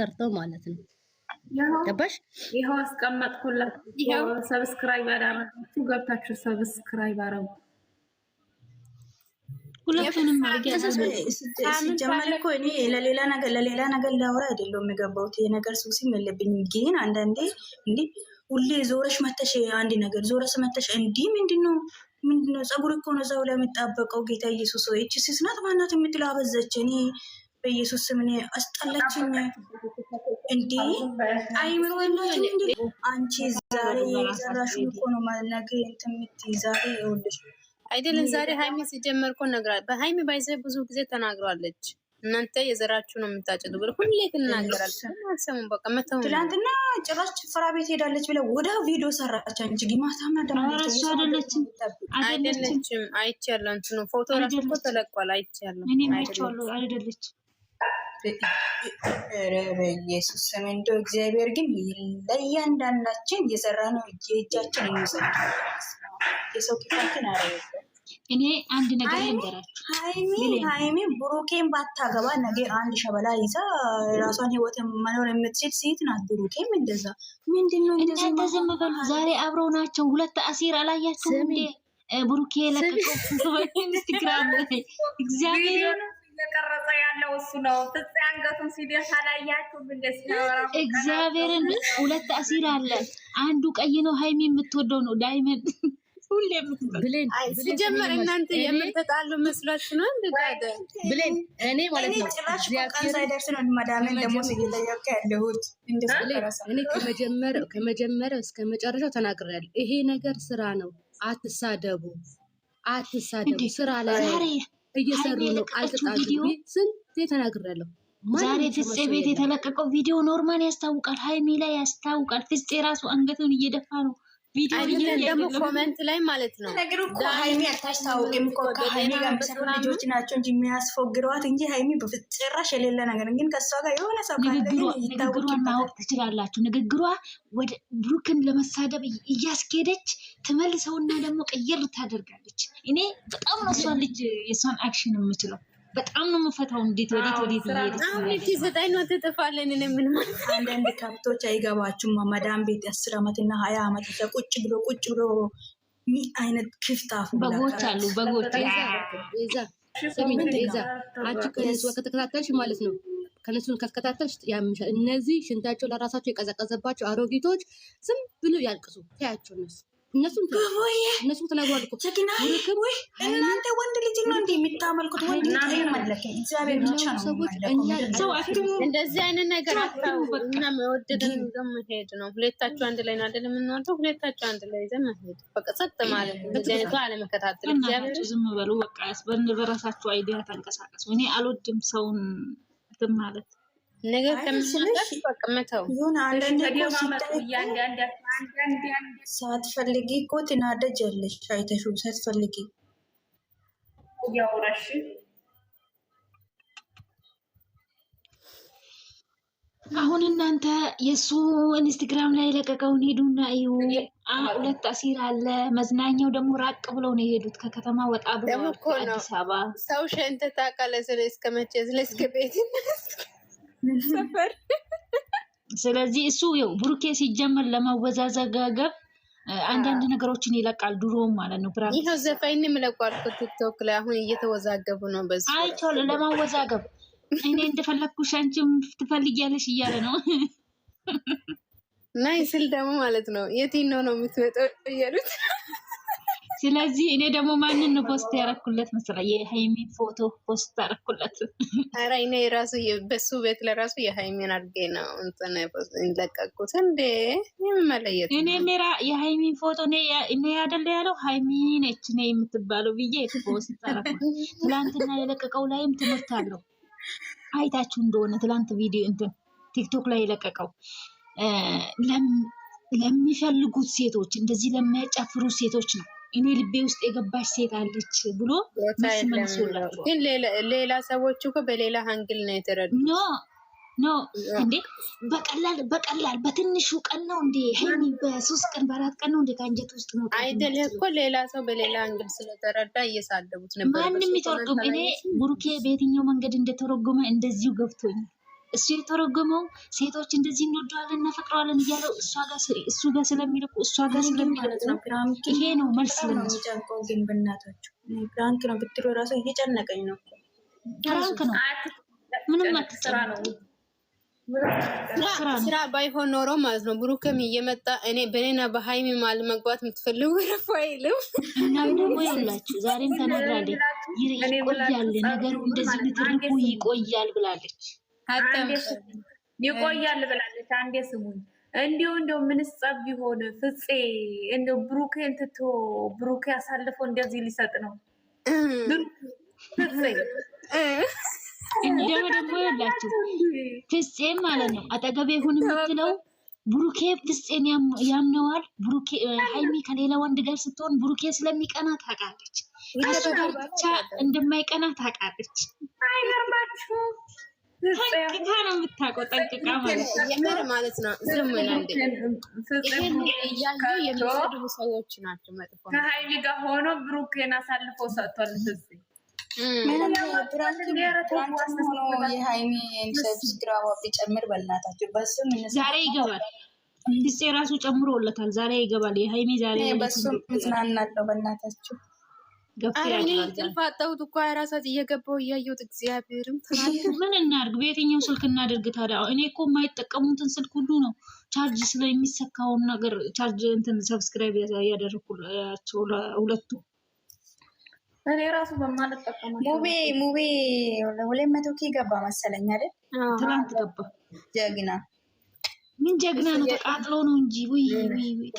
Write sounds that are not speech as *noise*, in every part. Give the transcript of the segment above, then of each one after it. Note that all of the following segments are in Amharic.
ሰርተው ማለት ነው። ገባሽ? ይኸው አስቀመጥኩላችሁ። ሰብስክራይብ ያላረጋችሁ ገብታችሁ ሰብስክራይብ አረጉ። ሲጀመር እኮ እኔ ለሌላ ነገር ለሌላ ነገር ላወራ አይደለሁም የገባሁት የነገር ሱስም የለብኝም። ግን አንዳንዴ ሁሌ ዞረሽ መተሽ አንድ ነገር ዞረሽ መተሽ ነው ምንድን እኮ ነው ሰው ለሚጣበቀው ጌታ ኢየሱስ ማናት የምትለው እኔ በኢየሱስ ስም እኔ አስጠላችኝ። እንዲ አይወላችም እንዲ አንቺ ዛሬ የዘራሽን እኮ ነው ነገ እንትን ዛሬ ይኸውልሽ አይደለም ዛሬ ሀይሚ ሲጀመር እኮ ነግራል። በሀይሚ ባይዘ ብዙ ጊዜ ተናግሯለች። እናንተ የዘራችሁ ነው የምታጭዱ ብለ ሁሌ ትናገራለች። አልሰሙም። በቃ መተው። ትላንትና ጭራሽ ፍራ ቤት ሄዳለች ብለ ወደ ቪዲዮ ሰራቻ እንጂ ማታና ደሞ አይደለችም፣ አይደለችም። አይቻለሁ። እንትኑ ፎቶ ራሱ ተለቋል። አይቻለሁ። አይደለችም ኧረ በኢየሱስ ስም እንደው እግዚአብሔር ግን ለእያንዳንዳችን የዘራነው እጅ እጃችን የሚሰጡ የሰው ክፋትን አረበበት። እኔ አንድ ነገር ልንገራችሁ፣ ሀይሚ ብሩኬን ባታገባ ነገ አንድ ሸበላ ይዛ ራሷን ህይወት መኖር የምትችል ሴት ናት። ብሩኬም እንደዛ ምንድነው? እናንተ ዝም በሉ። ዛሬ አብረው ናቸው ሁለት አሲር አላያቸው ብሩኬ ለቀቀው ኢንስትግራም ላይ እግዚአብሔር እየቀረጸ ያለው እሱ ነው። ፍፄ አንገቱን ሲደፋ ላያችሁ እግዚአብሔርን ሁለት አሲር አለ። አንዱ ቀይ ነው፣ ሀይሚ የምትወደው ነው። ዳይመንድ ሲጀመር እናንተ የምትጣሉ መስሏችሁ ነው። ብሌን እኔ ማለት ነው ከመጀመሪያው እስከ መጨረሻው ተናግሬያለሁ። ይሄ ነገር ስራ ነው። አትሳደቡ፣ አትሳደቡ ስራ ላይ እየሰሩ ነው። አልተጣሉ ስንት ተናግሬያለሁ። ዛሬ ፍፄ ቤት የተለቀቀው ቪዲዮ ኖርማን ያስታውቃል፣ ሀይሚ ላይ ያስታውቃል። ፍፄ ራሱ አንገቱን እየደፋ ነው ደግሞ ኮመንት ላይ ማለት ነው ነገር እኮ ሀይሚ አታስታውቅም እኮ ከሀይሚ ጋር የሚሰሩ ልጆች ናቸው እንጂ የሚያስፎግረዋት እንጂ ሀይሚ የሌለ ነገር ግን ከእሷ ጋር የሆነ ሰው ንግግሯን ማወቅ ትችላላችሁ። ንግግሯ ወደ ብሩክን ለመሳደብ እያስኬደች ትመልሰውና ደግሞ ቀየር ታደርጋለች። እኔ በጣም ነው እሷን ልጅ የእሷን አክሽን የምችለው በጣም ነው የምፈታው። እንዴት ወዴት ወዴት ዘጠኝ ነው ትጥፋለን። ምን አንዳንድ ከብቶች አይገባችሁም። ማዳም ቤት አስር ዓመትና ሀያ አመት ቁጭ ብሎ ቁጭ ብሎ ሚ አይነት ክፍት በጎች አሉ። በጎች ዛ ዛ አንቺ ከነሱ ከተከታተልሽ ማለት ነው ከነሱን ከተከታተልሽ ያምሻል። እነዚህ ሽንታቸው ለራሳቸው የቀዘቀዘባቸው አሮጊቶች ዝም ብሎ ያልቅሱ ታያቸው እነሱ እነሱም እነሱም ተናግሯል እኮ እናንተ ወንድ ልጅ ነው እንደ የምታመልኩት እንደዚህ አይነት ነገር አታውሩ። እና መወደድን ይዘን መሄድ ነው። ሁለታችሁ አንድ ላይ ነው አይደል የምንወደው? ሁለታችሁ አንድ ላይ ይዘን መሄድ በቃ ጸጥ ማለት ነው። እንደዚህ አይነቱ አለመከታተል። እግዚአብሔር ዝም በሉ በቃ በራሳችሁ አይዲያ ተንቀሳቀሱ። እኔ አልወድም ሰውን እንትን ማለት ነገር ሳትፈልጊ እኮ ትናደጃለሽ። አይተሽው ሳትፈልጊ አሁን እናንተ የእሱ ኢንስትግራም ላይ የለቀቀውን ሄዱና እዩ። ሁለት አሲር አለ። መዝናኛው ደግሞ ራቅ ብለው ነው የሄዱት፣ ከከተማ ወጣ ብለው አዲስ አበባ ሰው ሸንተታ ቃለ ስለ እስከ መቼ ስለ እስከ ቤት *laughs* *laughs* ሰፈር። ስለዚህ እሱ ው ብሩኬ ሲጀመር ለመወዛዘጋገብ አንዳንድ ነገሮችን ይለቃል። ድሮም ማለት ነው ብራይህ ዘፋኝም ለቋል እኮ ቲክቶክ ላይ አሁን እየተወዛገቡ ነው። በዚ አይቻሉ ለማወዛገብ እኔ እንደፈለግኩሽ አንቺም ትፈልጊያለሽ እያለ ነው። *laughs* ናይ ስል ደግሞ ማለት ነው የትኛው ነው የምትመጣው እያሉት ስለዚህ እኔ ደግሞ ማንን ነው ፖስት ያረኩለት መሰለኝ? የሀይሚን ፎቶ ፖስት ያረኩለት። ኧረ እኔ ራሱ በሱ ቤት ለራሱ የሀይሚን አድርጌ ነው እንትን ለቀቁት። እንዴ የምመለየት እኔ ሜራ የሀይሚን ፎቶ እኔ ያደለ ያለው ሃይሚ ነች እኔ የምትባለው ብዬ ፖስት ያረኩት። ትላንትና የለቀቀው ላይም ትምህርት አለው። አይታችሁ እንደሆነ ትላንት ቪዲዮ እንትን ቲክቶክ ላይ የለቀቀው ለሚፈልጉት ሴቶች እንደዚህ ለሚያጨፍሩ ሴቶች ነው እኔ ልቤ ውስጥ የገባች ሴት አለች ብሎ መስመልሶላቸዋል። ግን ሌላ ሰዎች እኮ በሌላ ሀንግል ነው የተረዱ። ኖ ኖ እንዴ በቀላል በቀላል በትንሹ ቀን ነው እንዴ ሀይሚ በሶስት ቀን በአራት ቀን ነው እንዴ ከአንጀት ውስጥ ሞት አይደል እኮ ሌላ ሰው በሌላ ሀንግል ስለተረዳ እየሳደቡት ነበር። ማንም ይተርጉም። እኔ ቡሩኬ በየትኛው መንገድ እንደተረጎመ እንደዚሁ ገብቶኛል። እሱ የተረጎመው ሴቶች እንደዚህ እንወደዋለን እናፈቅረዋለን እያለው እሱ ጋር ስለሚልኩ እሷ ጋር ስለሚልኩ ይሄ ነው መልስ ለሚጨንቀው። ግን በእናታችሁ ፕራንክ ነው ብትሉ ራሱ እየጨነቀኝ ነው። ፕራንክ ነው፣ ምንም አትስራ ነው ስራ ባይሆን ኖሮ ማለት ነው። ብሩክም እየመጣ እኔ በኔና በሀይሚ ማል መግባት የምትፈልጉ ረፍ አይልም። እና ደግሞ ያላችሁ ዛሬም ተናግራለች፣ ይቆያል ነገሩ እንደዚህ ምትርቁ ይቆያል ብላለች። ይቆያል ብላለች። አንዴ ስሙኝ እንዲሁ እንዲሁ ምንስ ጸብ ቢሆን ፍፄ እንዲሁ ብሩኬን ትቶ ብሩኬ አሳልፎ እንደዚህ ሊሰጥ ነው። ፍፄ እንደው ደግሞ ይላችሁ ፍፄ ማለት ነው አጠገቤ ሁን የምትለው ብሩኬ ፍፄን ያምነዋል። ብሩኬ ሀይሚ ከሌላ ወንድ ጋር ስትሆን ብሩኬ ስለሚቀና ታውቃለች። ከሱ ጋር ብቻ እንደማይቀና ታውቃለች። አይገርማችሁ ጠንቅቃ ነው የምታውቀው። ጠንቅቃ ማለት የምር ማለት ነው። ዝም እንደ የሚሰድቡ ሰዎች ናቸው መጥፎ። ከሀይሚ ጋር ሆኖ ብሩኬን አሳልፎ ሰጥቷል። ዛሬ ይገባል። ራሱ ጨምሮለታል። ዛሬ ይገባል። የሀይሚ ዛሬ በእሱ እዝናናለሁ በእናታችሁ ጣሁት እኮ ራሳት እየገባው እያየሁት እግዚአብሔርም ምን እናድርግ? በየትኛው ስልክ እናድርግ ታዲያ? እኔ እኮ የማይጠቀሙትን ስልክ ሁሉ ነው ቻርጅ ስለሚሰካውን ነገር ቻርጅ እንትን ሰብስክራይብ ያደረኩላቸው ሁለቱ እኔ ራሱ በማልጠቀሙ ሙቤ ሙቤ ሁለት መቶ ኬ ገባ መሰለኝ አይደል? ትናንት ገባ። ጀግና ምን ጀግና ነው? ተቃጥሎ ነው እንጂ ወይ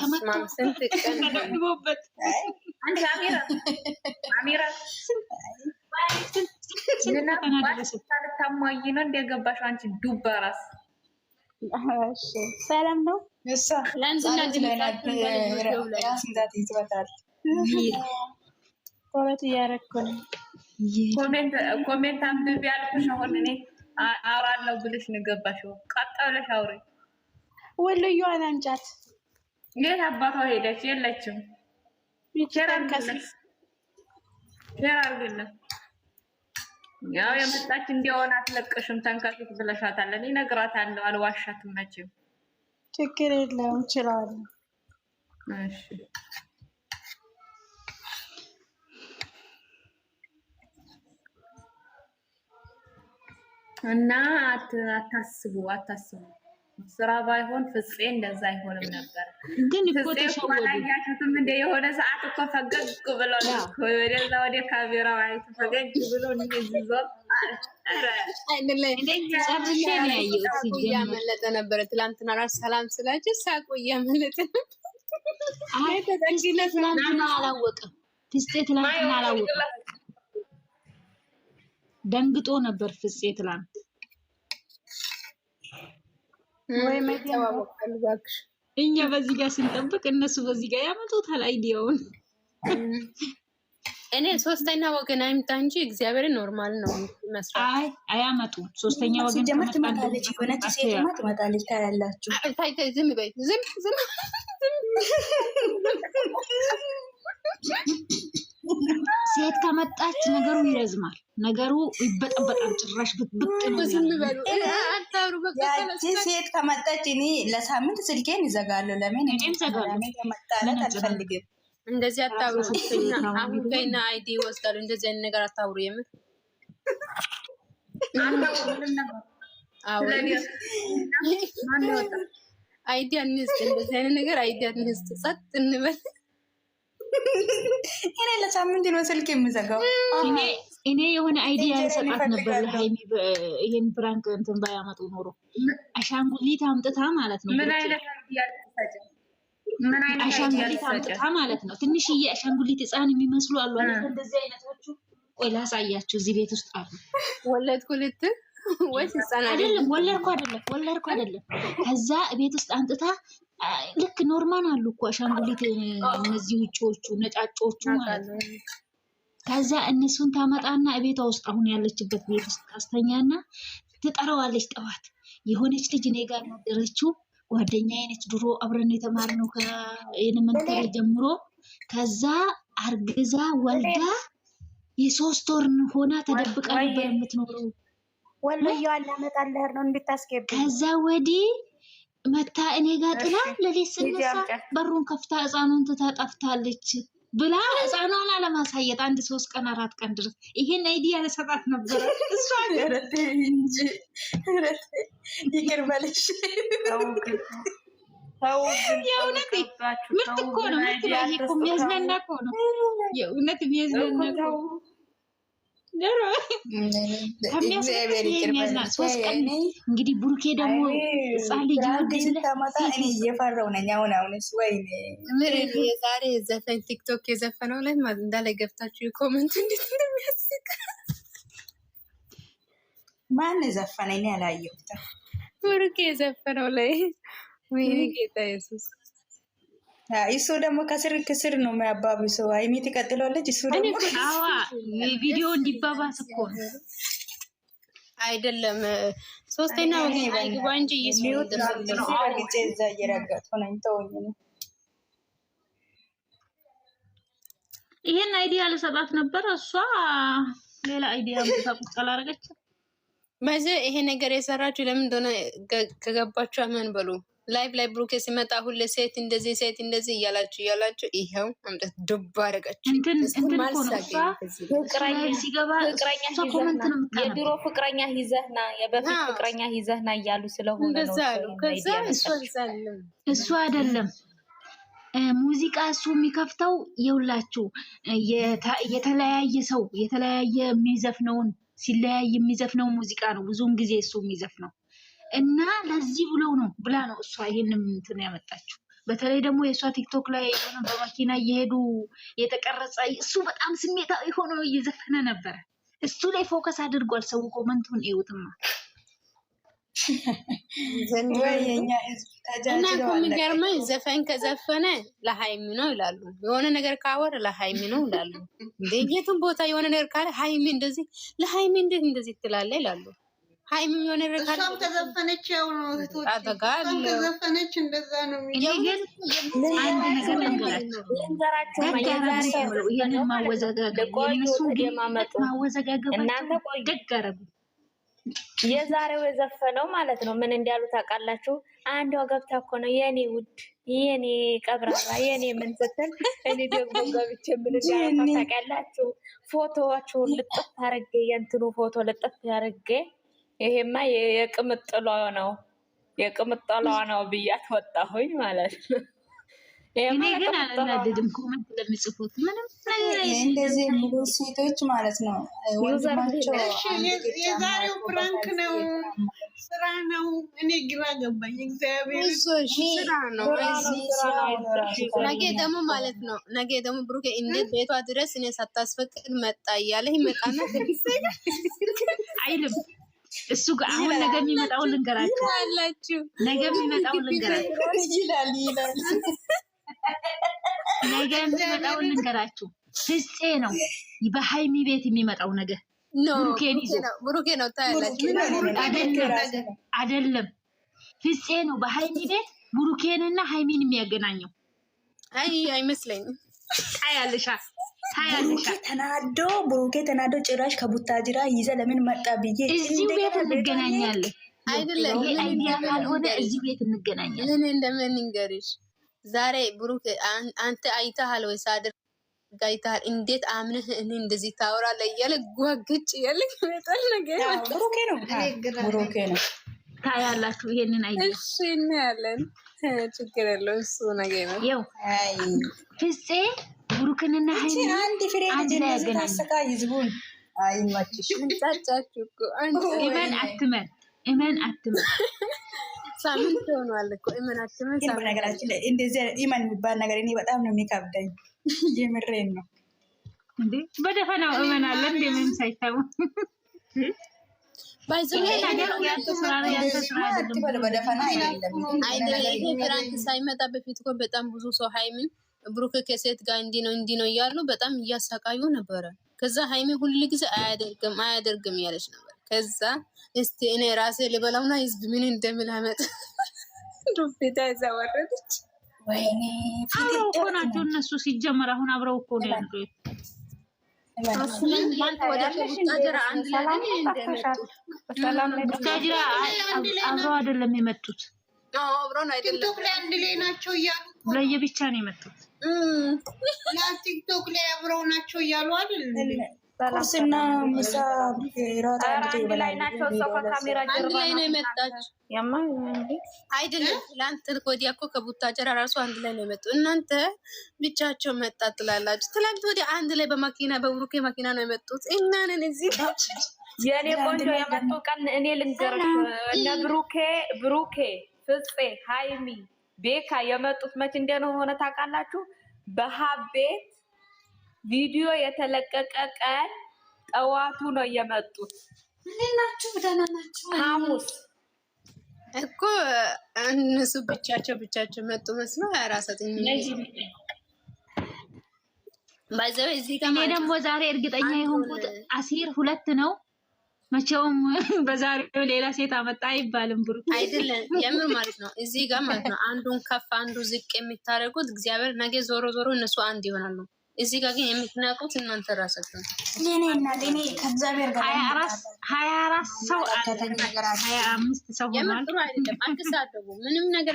ተመቶ ተደብቦበት ልታሟይ ነው እንደገባሽው አንቺ ዱባ ራስ ሰላም ነው። ኮሜንት እያደረኩ ነው። ኮሜንት አንብቤ አሁን እኔ አውራለሁ ብለሽ ነው የገባሽው። ብለሽ አውሪ። ወሎዬዋን አምጫት። የት አባቷ ሄደች? የለችም ያው የመጣች እንዲሆን አትለቅሽም፣ ተንከፊት ብለሻታል። እኔ እነግራታለሁ፣ አልዋሻትም። መቼም ችግር የለውም እችላለሁ። እሺ እና አታስቡ፣ አታስቡ ስራ ባይሆን ፍፄ እንደዛ አይሆንም ነበር። ግን ያላያችሁትም እንደ የሆነ ሰዓት እኮ ፈገግ ብሎ ወደዛ ወደ ካሜራ አይቶ ፈገግ ብሎ ዞር እያመለጠ ነበረ። ትላንትና ራሱ ሰላም ስላቸው ሳቁ እያመለጠ ነበር። ትላንትና አላወቅም ፍፄ ትላንትና አላወቅም ደንግጦ ነበር ፍፄ ትላንት እኛ በዚህ ጋር ስንጠብቅ እነሱ በዚህ ጋር ያመጡታል አይዲያውን። *laughs* እኔ ሶስተኛ ወገን አይምጣ እንጂ እግዚአብሔር ኖርማል ነው መስራት። አይ አያመጡ ሶስተኛ ወገን ጀመር ትመጣለች፣ የሆነች ሴት ትመጣለች። ታያላችሁ። ዝም በይ ዝም ዝም *laughs* ሴት ከመጣች ነገሩ ይረዝማል፣ ነገሩ ይበጠበጣል። ጭራሽ ብጥብጥ ሴት ከመጣች እኔ ለሳምንት ስልኬን ይዘጋለሁ። ለምን አልፈልግም። እንደዚህ አታውሩ። አሁን አይዲ ይወስዳሉ። እንደዚህ አይነት ነገር አታውሩ። የምር አይዲ አንስጥ፣ እንደዚህ አይነት ነገር አይዲ አንስጥ። ጸጥ እንበል እኔ ለሳምንት ነው ስልክ የምዘጋው። እኔ የሆነ አይዲያ ሰጣት ነበር ለሀይሚ ይሄን ፕራንክ እንትን ባያመጡ ኖሮ አሻንጉሊት አምጥታ ማለት ነው። ምን አሻንጉሊት አምጥታ ማለት ነው። ትንሽዬ አሻንጉሊት ሕፃን የሚመስሉ አሉ። እንደዚህ አይነቶቹ ቆይ ላሳያችሁ፣ እዚህ ቤት ውስጥ አሉ። ወለድኩ ኩልት ወይስ ሕፃን አይደለም፣ ወለድኩ አይደለም፣ ወለድኩ አይደለም። ከዛ ቤት ውስጥ አምጥታ ልክ ኖርማል አሉ እኮ አሻንጉሊት እነዚህ ውጭዎቹ ነጫጮቹ ማለት ነው። ከዛ እነሱን ታመጣና እቤቷ ውስጥ አሁን ያለችበት ቤት ውስጥ ታስተኛና ትጠራዋለች። ጠዋት የሆነች ልጅ እኔ ጋር ነበረችው ጓደኛ አይነች፣ ድሮ አብረን የተማርነው ከኤሌመንተሪ ጀምሮ። ከዛ አርግዛ ወልዳ የሶስት ወር ሆና ተደብቃ ነበር የምትኖረው። ወልያዋን ላመጣልህ ነው እንድታስገብ ከዛ ወዲህ መታ እኔ ጋር ጥላ ለሌት ስነሳ በሩን ከፍታ ህፃኑን ትታጠፍታለች ብላ ህፃኗን አለማሳየት አንድ ሶስት ቀን አራት ቀን ድረስ ይሄን አይዲያ ለሰጣት ነበረ። እሷ እንጂ ይቅር በልሽ። የእውነት ምርት እኮ ነው። ምርት ላይ እኮ የሚያዝናና እኮ ነው። የእውነት የሚያዝናና እንግዲህ ቡሩኬ ደግሞ ህጻን ልጅ እየፈራሁ ነኝ። አሁን አሁንስ ወይኔ የዛሬ ዘፈን ቲክቶክ የዘፈነው ላይ እንዳለ ገብታችሁ የኮመንት እንዴት እንደሚያስቅ ማን ዘፈነ? እኔ አላየሁትም። ቡሩኬ የዘፈነው ላይ ወይኔ ጌታ ኢየሱስ እሱ ደግሞ ከስር ክስር ነው የሚያባብሱ። ሀይሚ ትቀጥላለች። እሱ ደግሞ ቪዲዮ እንዲባባስ እኮ ነው አይደለም። ሶስተኛ አይግባ እንጂ እየሱግጬ እዛ እየረገጥኩ ነኝ። ተወኝ። ይሄን አይዲያ ልሰጣት ነበር። እሷ ሌላ አይዲያ ቁጣል አረገች። መቼ ይሄ ነገር የሰራችሁ ለምን እንደሆነ ከገባችሁ አመን በሉ ላይቭ ላይ ብሩኬ ሲመጣ ሁሌ ሴት እንደዚህ ሴት እንደዚህ እያላችሁ እያላችሁ ይኸው አምጠት ዱብ አደረጋችሁ። የድሮ ፍቅረኛ ይዘህና የበፊት ፍቅረኛ ይዘህና እያሉ ስለሆነ እሱ አይደለም ሙዚቃ እሱ የሚከፍተው የሁላችሁ የተለያየ ሰው የተለያየ የሚዘፍነውን ሲለያይ የሚዘፍነው ሙዚቃ ነው። ብዙውን ጊዜ እሱ የሚዘፍነው እና ለዚህ ብለው ነው ብላ ነው እሷ ይህንም እንትን ያመጣችው። በተለይ ደግሞ የእሷ ቲክቶክ ላይ የሆነ በመኪና እየሄዱ የተቀረጸ እሱ በጣም ስሜታዊ ሆኖ እየዘፈነ ነበረ። እሱ ላይ ፎከስ አድርጓል ሰው። ኮመንቱን እዩትማ እና እኮ የሚገርመኝ ዘፈን ከዘፈነ ለሀይሚ ነው ይላሉ። የሆነ ነገር ካወር ለሀይሚ ነው ይላሉ። የትም ቦታ የሆነ ነገር ካለ ሀይሚ እንደዚህ ለሀይሚ እንዴት እንደዚህ ትላለ ይላሉ። ሀይሚ የሆነ እሷም ተዘፈነች። ያው ነው ተዘፈነች፣ እንደዛ ነው። የዛሬው የዘፈነው ማለት ነው ምን እንዲያሉ ታውቃላችሁ? አንዷ ገብታ እኮ ነው የኔ ውድ የኔ ቀብራራ የኔ ምን ስትል፣ እኔ ደግሞ ገብቼ ምን እንዲያሉ ታውቃላችሁ? ፎቶዋችሁን ልጥፍ አድርጌ የእንትኑ ፎቶ ልጥፍ አድርጌ ይሄማ የቅምጥሏ ነው የቅምጥሏ ነው ብያት ወጣሁኝ ማለት ነው። እኔ እንደዚህ የሚሉ ሴቶች ማለት ነው። የዛሬው ፕራንክ ነው፣ ስራ ነው። እኔ ግራ ገባኝ። እግዚአብሔር ነገ ደግሞ ማለት ነው። ነገ ደግሞ ብሩኬ እንዴት ቤቷ ድረስ እኔ ሳታስፈቅድ መጣ እያለ ይመጣና *laughs* አይልም እሱ ጋር አሁን ነገ የሚመጣው ልንገራችሁ፣ ነገ የሚመጣውን ልንገራችሁ፣ ነገ የሚመጣውን ልንገራችሁ። ፍፄ ነው በሀይሚ ቤት የሚመጣው ነገ። ብሩኬን ይዞ ብሩኬ ነው ታያላችሁ። አይደለም ፍፄ ነው በሀይሚ ቤት ብሩኬንና ሀይሚን የሚያገናኘው። አይ አይመስለኝም ታያለሻ ብሩኬ ተናዶ ብሩኬ ተናዶ ጭራሽ ከቡታጅራ ይዘ ለምን መጣ ብዬ እዚህ ቤት እንገናኛለን። አይደለም ካልሆነ እዚህ ቤት እንገናኛለን። ምን እንደምን ንገሪሽ ዛሬ ብሩኬ አንተ አይተሃል ወይ ሳድር ጋይታል እንዴት አምነህ እኔ እንደዚህ ታወራለህ እያለ ጓግጭ እያለ ይመጣል ነገር ብሩኬ ነው ብሩኬ ነው ታያላችሁ። ይሄንን አይ እሺ እናያለን። ችግር የለው እሱ ነገር ነው። ያው ፍፄ ብሩክንና ሀይሚ አንድ ፍሬ ልጅ ታሰቃ ይዝቡን አይማችሽ ጫጫችሁ እኮ እመን አትመን እመን አትመን ሳምንት ሆኗል እኮ እመን አትመን ሳምንት። ነገራችን ላይ እንደዚህ ኢማን የሚባል ነገር እኔ በጣም ነው የሚከብደኝ። የምሬን ነው እንዴ። በደፈናው እመን አለ እንደምንም ሳይታወቅ ፍራንክ ሳይመጣ በፊት እኮ በጣም ብዙ ሰው ሀይሚን ብሩክ ከሴት ጋር እንዲህ ነው እንዲህ ነው እያሉ በጣም እያሳቃዩ ነበረ። ከዛ ሀይሚ ሁል ጊዜ አያደርግም አያደርግም እያለች ነበር። ከዛ እስቲ እኔ ራሴ ልበላውና ህዝብ ምን እንደምላመጥ ዱቤታ ይዛ ወረደች። አብረው እኮ ናቸው እነሱ ሲጀመር አሁን አብረው እኮ ነው ያሉት አብሮ አይደለም የመጡት፣ ቲክቶክ ላይ አንድ ላይ ናቸው እያሉ ለየብቻ ነው የመጡት። ቲክቶክ ላይ አብረው ናቸው እያሉ አይደል አይደለም ትላንት ወዲያ እኮ አንድ ላይ ነው የመጡ። እናንተ ብቻቸው መጣ ትላላችሁ። ትላንት ወዲያ አንድ ላይ በማኪና በብሩኬ ማኪና ነው የመጡት። እናንን እዚህ *laughs* የእኔ ቆንጆ የመጡ ቀን እኔ ልንገርሽ እነ ብሩኬ ብሩኬ፣ ፍፄ፣ ሀይሚ፣ ቤካ የመጡት መች እንደሆነ ታውቃላችሁ? በሀቤት ቪዲዮ የተለቀቀ ቀን ጠዋቱ ነው የመጡት። እንዴት ናችሁ? ደህና ናችሁ? ሐሙስ እኮ እነሱ ብቻቸው ብቻቸው መጡ መስሎ ራሳትኝ እዚህ ጋር ደግሞ ዛሬ እርግጠኛ የሆንኩት አሲር ሁለት ነው። መቼውም *laughs* በዛሬው ሌላ ሴት አመጣ አይባልም። ብሩ አይደለም የምር ማለት ነው። እዚህ ጋር ማለት ነው አንዱን ከፍ አንዱ ዝቅ የሚታደርጉት እግዚአብሔር ነገ ዞሮ ዞሮ እነሱ አንድ ይሆናሉ። እዚህ ጋር ግን የምትናቁት እናንተ ራሳችሁ ነው። ምንም ነገር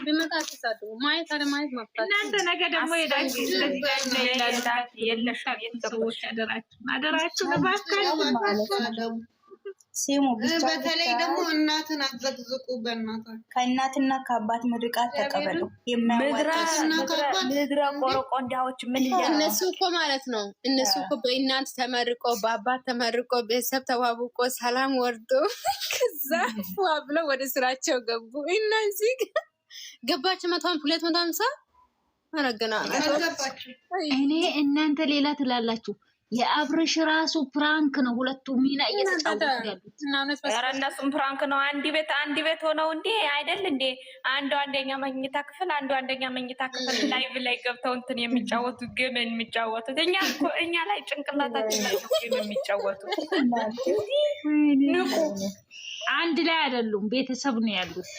ቢመጣ አትሳደቡ። ማየት አለማየት መፍታት እናንተ ነገ ደግሞ ስሙ ብቻ በተለይ ደግሞ እናትን አዘግዝቁ። በእናትህ ከእናትና ከአባት ምርቃት ተቀበሉ። ምድረ ቆረቆንዳዎች ምን እነሱ እኮ ማለት ነው። እነሱ እኮ በእናት ተመርቆ በአባት ተመርቆ ቤተሰብ ተዋብቆ ሰላም ወርዶ *laughs* ከዛ ዋ ብለው ወደ ስራቸው ገቡ። እናዚ ገባቸው መቶ ሁለት መቶ ሀምሳ አረገና እኔ እናንተ ሌላ ትላላችሁ የአብርሽ ራሱ ፕራንክ ነው። ሁለቱ ሚና እየተጫወቱ ያሉት እነሱም ፕራንክ ነው። አንድ ቤት አንድ ቤት ሆነው እንዴ አይደል እንዴ አንዱ አንደኛ መኝታ ክፍል አንዱ አንደኛ መኝታ ክፍል ላይቭ ላይ ገብተው እንትን የሚጫወቱ ጌም የሚጫወቱት እኛ እኛ ላይ ጭንቅላታችን ላይ ጌም የሚጫወቱት ንቁ አንድ ላይ አይደሉም። ቤተሰብ ነው ያሉት።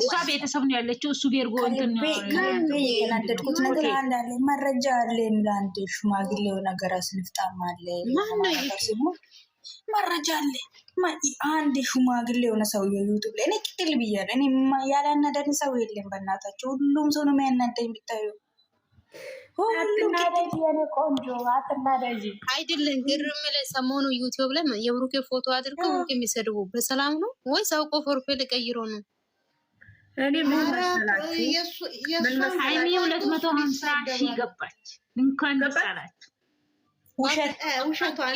እሷ ቤተሰብ ነው ያለችው። እሱ ጌርጎ እንትን መረጃ አለ። ለአንድ ሽማግሌው ነገር አስንፍጣም አለ፣ መረጃ አለ። አንድ ሽማግሌ የሆነ ሰው የዩቱብ ላይ እኔ ቅል ብያለሁ። እኔ ያላናደድ ሰው የለም በእናታቸው፣ ሁሉም ሰው ነው የሚያናደኝ። ቢታዩ ቆንጆ አትናደጂ አይደለም። ግርም ላይ ሰሞኑ ዩቲዩብ ላይ የብሩኬ ፎቶ አድርገው ብሩኬ የሚሰድቡ በሰላም ነው ወይስ አውቆ ፎርፌ ልቀይሮ ነው? እኔ ምን ሀይሚ ሁለት መቶ ሀምሳ ገባች። እንኳን ደስ አላችሁ። ይኸው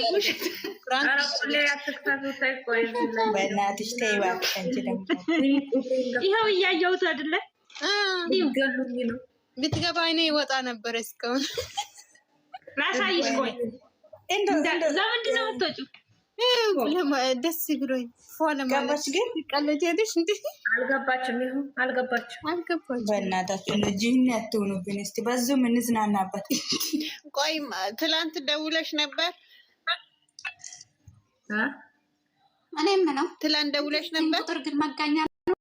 እያየሁት አይደለ? ብትገባ እኔ ይወጣ ነበር። እስካሁን ላሳይሽ። ቆይ ለምንድን ነው የምትወጪው? ደስ ብሎኝ ለማለት ግን ቀለድ ያለሽ እንደ አልገባችም። ይሁን አልገባችም፣ አልገባችም። በእናታችሁ እነዚህን ያትሆኑብን። እስቲ በዙ ምንዝናናበት። ቆይ ትላንት ደውለሽ ነበር? እኔም ነው ትላንት ደውለሽ ነበር? ቁጥር ግን መጋኛ